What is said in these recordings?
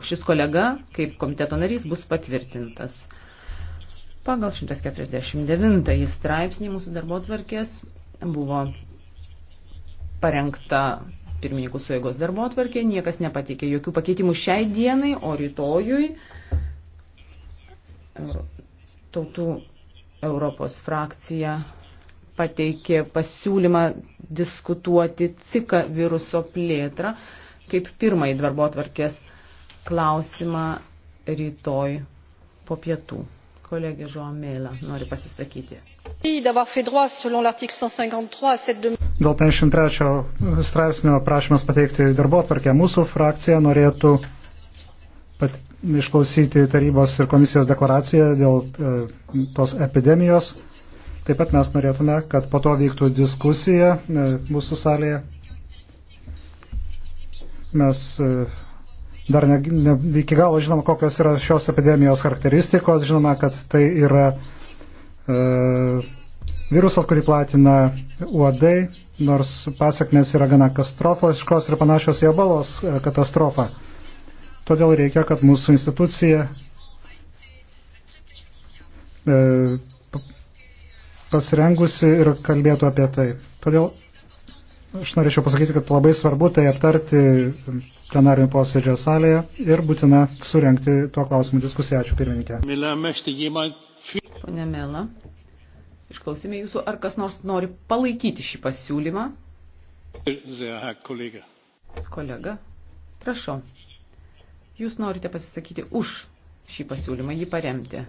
šis kolega, kaip komiteto narys, bus patvirtintas. Pagal 149 straipsnį mūsų darbo tvarkės buvo parengta pirmininkų suėgos darbo tvarkė, niekas nepatikė jokių pakeitimų šiai dienai, o rytojui e, tautų Europos frakcija pateikė pasiūlymą diskutuoti cika viruso plėtrą kaip pirmąjį darbo tvarkės klausimą rytoj po pietų. Kolegė Žuomėlė nori pasisakyti. Dėl 53 straipsnio prašymas pateikti darbo atvarkę. Mūsų frakcija norėtų pat, išklausyti tarybos ir komisijos deklaraciją dėl e, tos epidemijos. Taip pat mes norėtume, kad po to vyktų diskusija e, mūsų salėje. Mes e, Dar ne, ne, iki galo žinom, kokios yra šios epidemijos charakteristikos. Žinoma, kad tai yra e, virusas, kurį platina uodai, nors pasiekmes yra gana katastrofiškos ir panašios į ebolos e, katastrofą. Todėl reikia, kad mūsų institucija e, pasirengusi ir kalbėtų apie tai. Todėl Aš norėčiau pasakyti, kad labai svarbu tai aptarti plenarinio posėdžio salėje ir būtina surenkti tuo klausimu diskusiją. Ačiū pirmininkė. Pone Mela, išklausime jūsų, ar kas nors nori palaikyti šį pasiūlymą? Kolega, prašau. Jūs norite pasisakyti už šį pasiūlymą, jį paremti.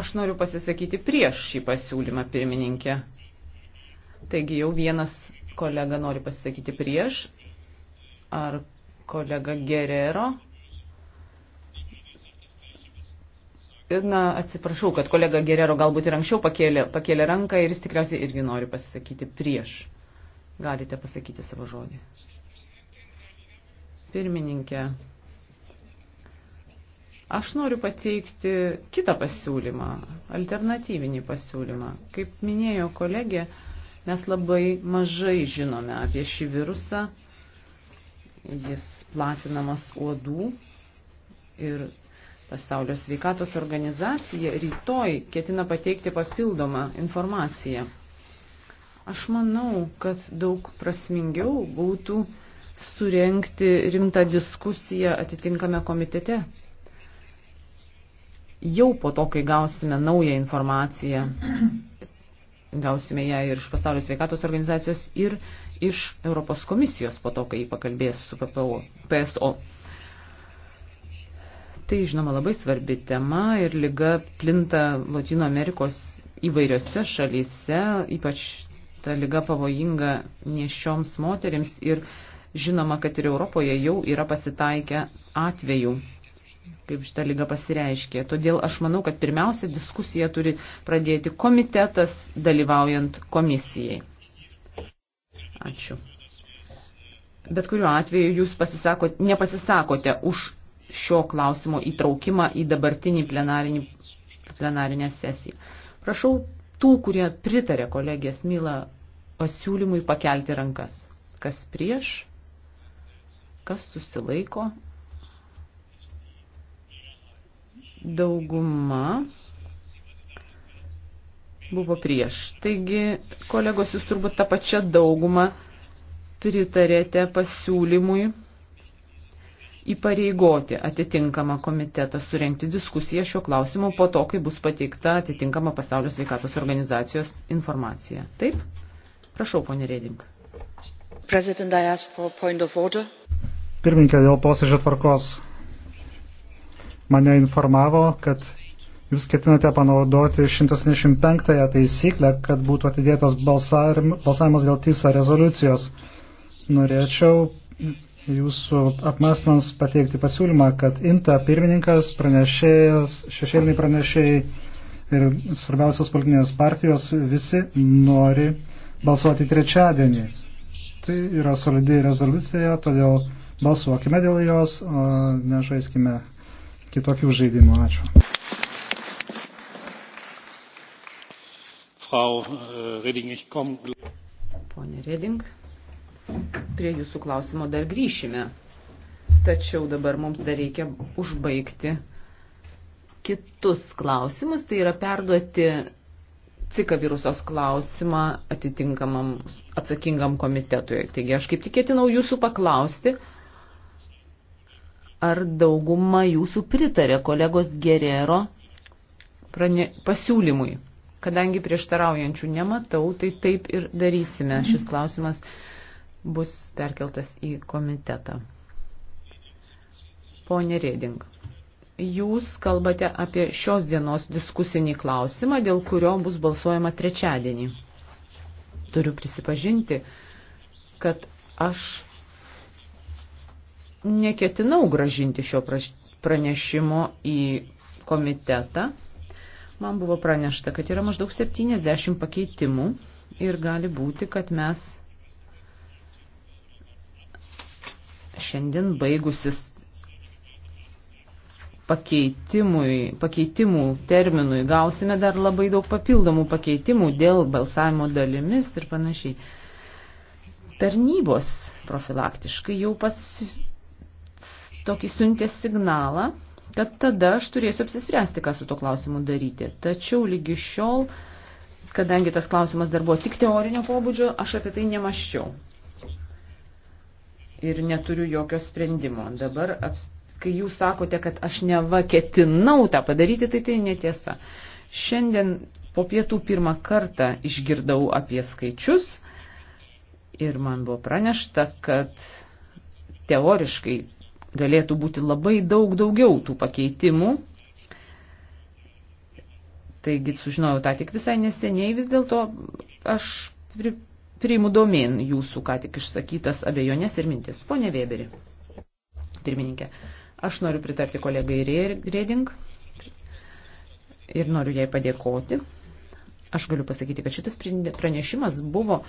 Aš noriu pasisakyti prieš šį pasiūlymą, pirmininkė. Taigi jau vienas kolega nori pasisakyti prieš. Ar kolega Gerero? Na, atsiprašau, kad kolega Gerero galbūt ir anksčiau pakėlė, pakėlė ranką ir jis tikriausiai irgi nori pasisakyti prieš. Galite pasakyti savo žodį. Pirmininkė, aš noriu pateikti kitą pasiūlymą, alternatyvinį pasiūlymą. Kaip minėjo kolegė, uh, Mes labai mažai žinome apie šį virusą. Jis platinamas uodų ir Pasaulio sveikatos organizacija rytoj ketina pateikti papildomą informaciją. Aš manau, kad daug prasmingiau būtų surenkti rimtą diskusiją atitinkame komitete. Jau po to, kai gausime naują informaciją gausime ją ir iš pasaulio sveikatos organizacijos, ir iš Europos komisijos po to, kai jį pakalbės su PPO, PSO. Tai, žinoma, labai svarbi tema ir lyga plinta Latino Amerikos įvairiose šalyse, ypač ta lyga pavojinga nešioms moteriams ir žinoma, kad ir Europoje jau yra pasitaikę atvejų kaip šitą lygą pasireiškė. Todėl aš manau, kad pirmiausia diskusiją turi pradėti komitetas, dalyvaujant komisijai. Ačiū. Bet kuriuo atveju jūs pasisakot, nepasisakote už šio klausimo įtraukimą į dabartinį plenarinę sesiją. Prašau tų, kurie pritarė kolegės Mylą pasiūlymui pakelti rankas. Kas prieš, kas susilaiko, dauguma buvo prieš. Taigi, kolegos, jūs turbūt tą pačią daugumą pritarėte pasiūlymui įpareigoti atitinkamą komitetą surenkti diskusiją šiuo klausimu po to, kai bus pateikta atitinkama pasaulio sveikatos organizacijos informacija. Taip? Prašau, ponė Reding. Pirmininkė, dėl posėdžio tvarkos mane informavo, kad jūs ketinate panaudoti 175 taisyklę, kad būtų atidėtas balsavimas dėl TISA rezoliucijos. Norėčiau jūsų apmastams pateikti pasiūlymą, kad INTA pirmininkas, pranešėjas, šešėliniai pranešėjai ir svarbiausios politinės partijos visi nori balsuoti trečiadienį. Tai yra solidi rezoliucija, todėl balsuokime dėl jos, nežaiskime kitokių žaidimų. Ačiū. Frau äh, Reding, ich komm. Pone Reding, prie jūsų klausimo dar grįšime. Tačiau dabar mums dar reikia užbaigti kitus klausimus, tai yra perduoti Cika virusos klausimą atitinkamam atsakingam komitetui. Taigi aš kaip tikėtinau jūsų paklausti, ar dauguma jūsų pritarė kolegos Gerero prane, pasiūlymui. Kadangi prieštaraujančių nematau, tai taip ir darysime. Šis klausimas bus perkeltas į komitetą. Pone Reding, jūs kalbate apie šios dienos diskusinį klausimą, dėl kurio bus balsuojama trečiadienį. Turiu prisipažinti, kad aš neketinau gražinti šio pranešimo į komitetą. Man buvo pranešta, kad yra maždaug 70 pakeitimų ir gali būti, kad mes šiandien baigusis pakeitimų terminui gausime dar labai daug papildomų pakeitimų dėl balsavimo dalimis ir panašiai. Tarnybos profilaktiškai jau pas, tokį siuntė signalą, kad tada aš turėsiu apsispręsti, ką su tuo klausimu daryti. Tačiau lygi šiol, kadangi tas klausimas dar buvo tik teorinio pobūdžio, aš apie tai nemaščiau. Ir neturiu jokio sprendimo. Dabar, kai jūs sakote, kad aš neva ketinau tą padaryti, tai tai netiesa. Šiandien po pietų pirmą kartą išgirdau apie skaičius ir man buvo pranešta, kad teoriškai Galėtų būti labai daug daugiau tų pakeitimų. Taigi sužinojau tą tik visai neseniai, vis dėlto aš pri, priimu domin jūsų ką tik išsakytas abejonės ir mintis. Pone Weberi, pirmininkė, aš noriu pritarti kolegai Rėding ir noriu jai padėkoti. Aš galiu pasakyti, kad šitas pranešimas buvo uh,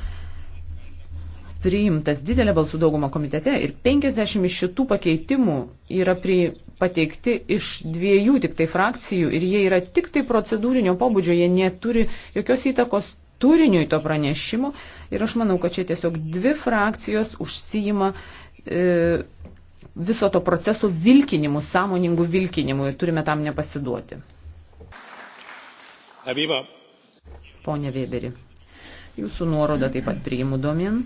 priimtas didelė balsų dauguma komitete ir 50 iš šitų pakeitimų yra pri, pateikti iš dviejų tik tai frakcijų ir jie yra tik tai procedūrinio pobūdžio, jie neturi jokios įtakos turiniui to pranešimo ir aš manau, kad čia tiesiog dvi frakcijos užsijima e, viso to proceso vilkinimu, sąmoningu vilkinimu ir turime tam nepasiduoti. Abiba. Pone Weberi, jūsų nuorodą taip pat priimu domin.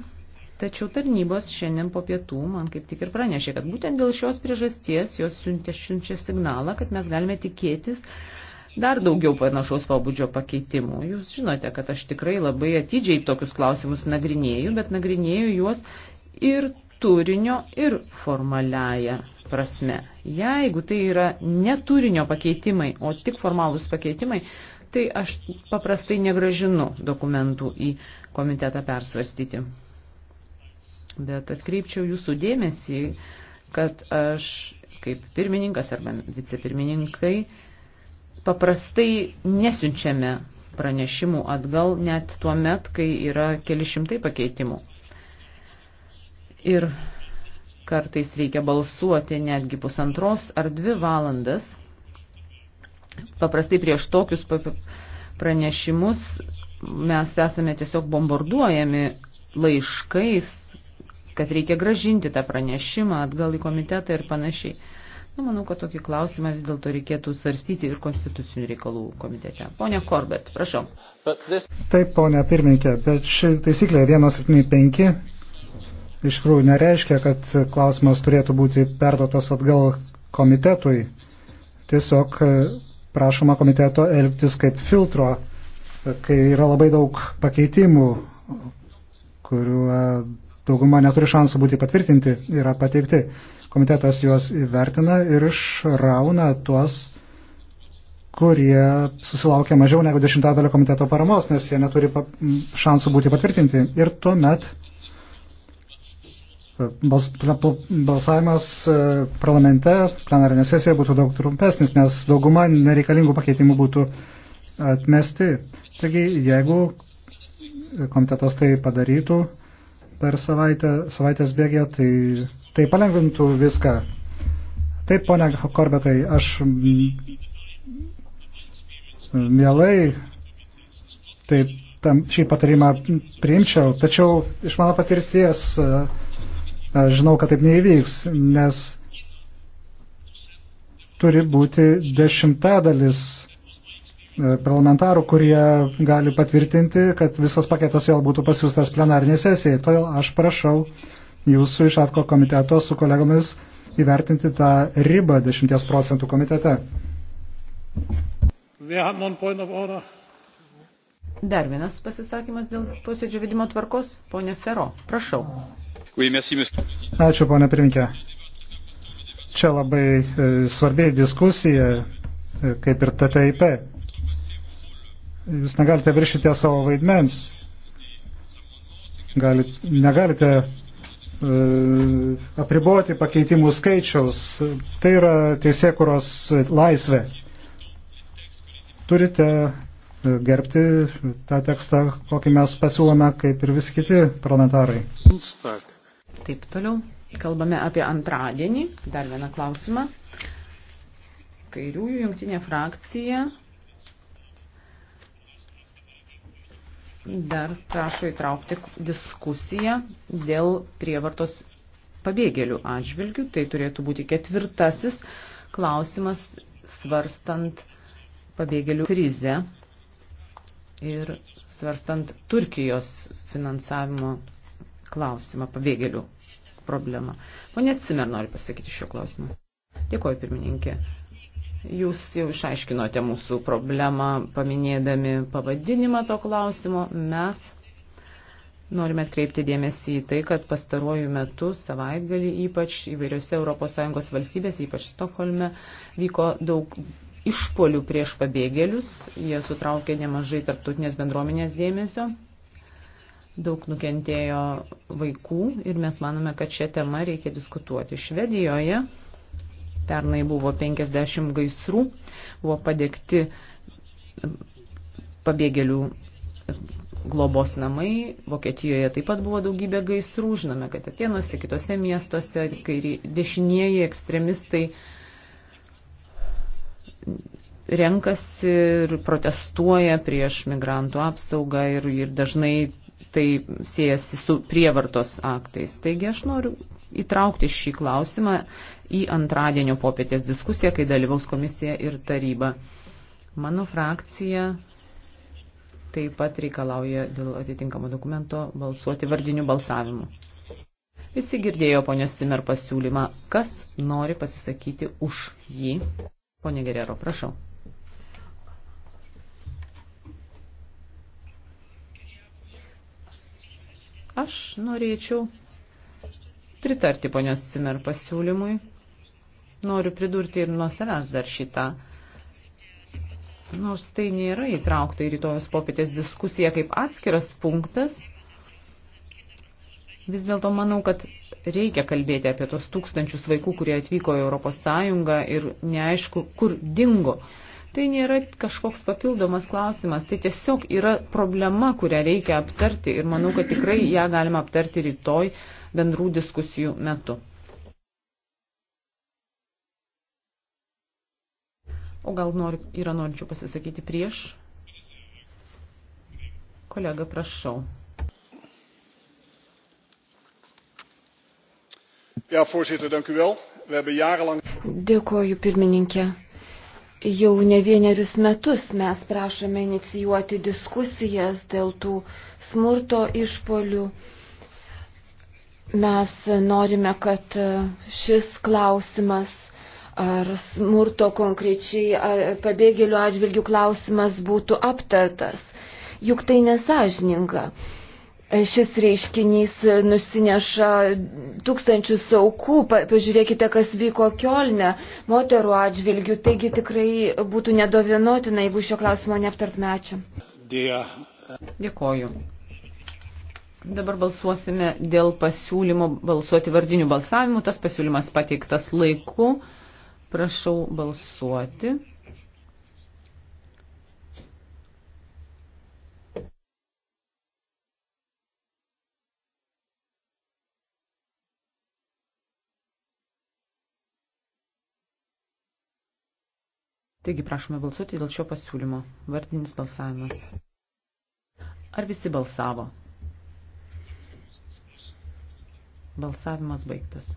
Tačiau tarnybos šiandien po pietų man kaip tik ir pranešė, kad būtent dėl šios priežasties jos siuntė siunčia signalą, kad mes galime tikėtis dar daugiau panašaus pobūdžio pakeitimų. Jūs žinote, kad aš tikrai labai atidžiai tokius klausimus nagrinėjau, bet nagrinėjau juos ir turinio, ir formaliaja prasme. Jeigu tai yra neturinio pakeitimai, o tik formalūs pakeitimai, tai aš paprastai negražinu dokumentų į komitetą persvarstyti. Bet atkreipčiau jūsų dėmesį, kad aš kaip pirmininkas arba vicepirmininkai paprastai nesiunčiame pranešimų atgal net tuo met, kai yra keli šimtai pakeitimų. Ir kartais reikia balsuoti netgi pusantros ar dvi valandas. Paprastai prieš tokius pranešimus mes esame tiesiog bombarduojami laiškais kad reikia gražinti tą pranešimą atgal į komitetą ir panašiai. Na, manau, kad tokį klausimą vis dėlto reikėtų svarstyti ir konstitucinių reikalų komitete. Pone Korbet, prašau. This... Taip, ponia pirmininkė, bet ši taisyklė 175 iš tikrųjų nereiškia, kad klausimas turėtų būti perduotas atgal komitetui. Tiesiog e, prašoma komiteto elgtis kaip filtro, kai yra labai daug pakeitimų, kuriuo dauguma neturi šansų būti patvirtinti, yra pateikti. Komitetas juos įvertina ir išrauna tuos, kurie susilaukia mažiau negu dešimtadalio komiteto paramos, nes jie neturi pa šansų būti patvirtinti. Ir tuomet e, bals balsavimas e, parlamente plenarinė sesijoje būtų daug trumpesnis, nes dauguma nereikalingų pakeitimų būtų atmesti. Taigi, jeigu komitetas tai padarytų, per savaitę, savaitės bėgė, tai, tai palengvintų viską. Taip, ponia Korbetai, aš mielai taip, tam, šį patarimą priimčiau, tačiau iš mano patirties aš žinau, kad taip neįvyks, nes turi būti dešimtadalis E, parlamentarų, kurie gali patvirtinti, kad visas paketas vėl būtų pasiūstas plenariniai sesijai. Todėl aš prašau jūsų iš atko komiteto su kolegomis įvertinti tą ribą 10 procentų komitete. Dar vienas pasisakymas dėl posėdžio vedimo tvarkos. Pone Fero, prašau. Ačiū, ponė pirminkė. Čia labai e, svarbi diskusija, e, kaip ir TTIP jūs negalite viršyti savo vaidmens. Galit, negalite e, apriboti pakeitimų skaičiaus. Tai yra teisėkuros laisvė. Turite e, gerbti tą tekstą, kokį mes pasiūlome, kaip ir visi kiti parlamentarai. Taip, toliau. Kalbame apie antradienį. Dar vieną klausimą. Kairiųjų jungtinė frakcija dar prašo įtraukti diskusiją dėl prievartos pabėgėlių atžvilgių. Tai turėtų būti ketvirtasis klausimas svarstant pabėgėlių krizę ir svarstant Turkijos finansavimo klausimą, pabėgėlių problemą. Pone Cimer nori pasakyti šio klausimu. Dėkuoju, pirmininkė. Jūs jau išaiškinote mūsų problemą, paminėdami pavadinimą to klausimo. Mes norime atkreipti dėmesį į tai, kad pastaruoju metu savaitgalį ypač įvairiose ES valstybėse, ypač Stokholme, vyko daug išpolių prieš pabėgėlius. Jie sutraukė nemažai tarptautinės bendruomenės dėmesio daug nukentėjo vaikų ir mes manome, kad šią temą reikia diskutuoti. Švedijoje Pernai buvo 50 gaisrų, buvo padėkti pabėgėlių globos namai, Vokietijoje taip pat buvo daugybė gaisrų, žinome, kad Atenuose, kitose miestuose, kai dešinieji ekstremistai renkasi ir protestuoja prieš migrantų apsaugą ir, ir dažnai tai siejasi su prievartos aktais. Taigi aš noriu įtraukti šį klausimą į antradienio popietės diskusiją, kai dalyvaus komisija ir taryba. Mano frakcija taip pat reikalauja dėl atitinkamo dokumento balsuoti vardiniu balsavimu. Visi girdėjo ponios Simer pasiūlymą. Kas nori pasisakyti už jį? Pone Gerero, prašau. Aš norėčiau pritarti ponios Cimer pasiūlymui. Noriu pridurti ir nuo savęs dar šitą. Nors tai nėra įtraukta į rytojus popietės diskusiją kaip atskiras punktas, vis dėlto manau, kad reikia kalbėti apie tos tūkstančius vaikų, kurie atvyko į Europos Sąjungą ir neaišku, kur dingo. Tai nėra kažkoks papildomas klausimas, tai tiesiog yra problema, kurią reikia aptarti ir manau, kad tikrai ją galima aptarti rytoj bendrų diskusijų metu. O gal nori, yra norinčių pasisakyti prieš? Kolega, prašau. Ja, voorzitter, dank u wel. We hebben jarenlang. Dėkoju, pirmininkė. Jau ne vienerius metus mes prašome inicijuoti diskusijas dėl tų smurto išpolių. Mes norime, kad šis klausimas ar smurto konkrečiai pabėgėlių atžvilgių klausimas būtų aptartas. Juk tai nesažininga. Šis reiškinys nusineša tūkstančius aukų. Pažiūrėkite, kas vyko Kielne moterų atžvilgių. Taigi tikrai būtų nedovinotina, jeigu šio klausimo neaptartume. Ačiū. Dėkoju. Dabar balsuosime dėl pasiūlymo balsuoti vardiniu balsavimu. Tas pasiūlymas pateiktas laiku. Prašau balsuoti. Taigi prašome balsuoti dėl šio pasiūlymo. Vardinis balsavimas. Ar visi balsavo? Balsavimas baigtas.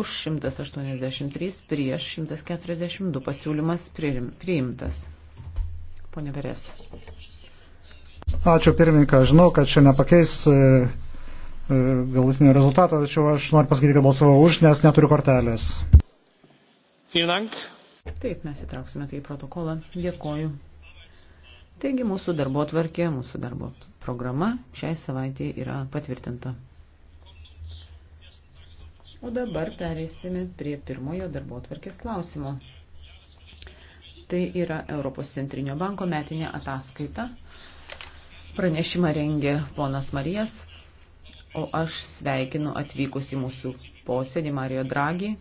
Už 183 prieš 142 pasiūlymas priimtas. Pone Veres. Ačiū pirmininką. Žinau, kad čia nepakeis e, E, galutinio rezultato, tačiau aš noriu pasakyti, kad balsavau už, nes neturiu kortelės. Taip, mes įtrauksime tai į protokolą. Dėkoju. Taigi mūsų darbo tvarkė, mūsų darbo programa šiai savaitėje yra patvirtinta. O dabar pereisime prie pirmojo darbo tvarkės klausimo. Tai yra Europos centrinio banko metinė ataskaita. Pranešimą rengė ponas Marijas, o aš sveikinu atvykus į mūsų posėdį Mario Draghi.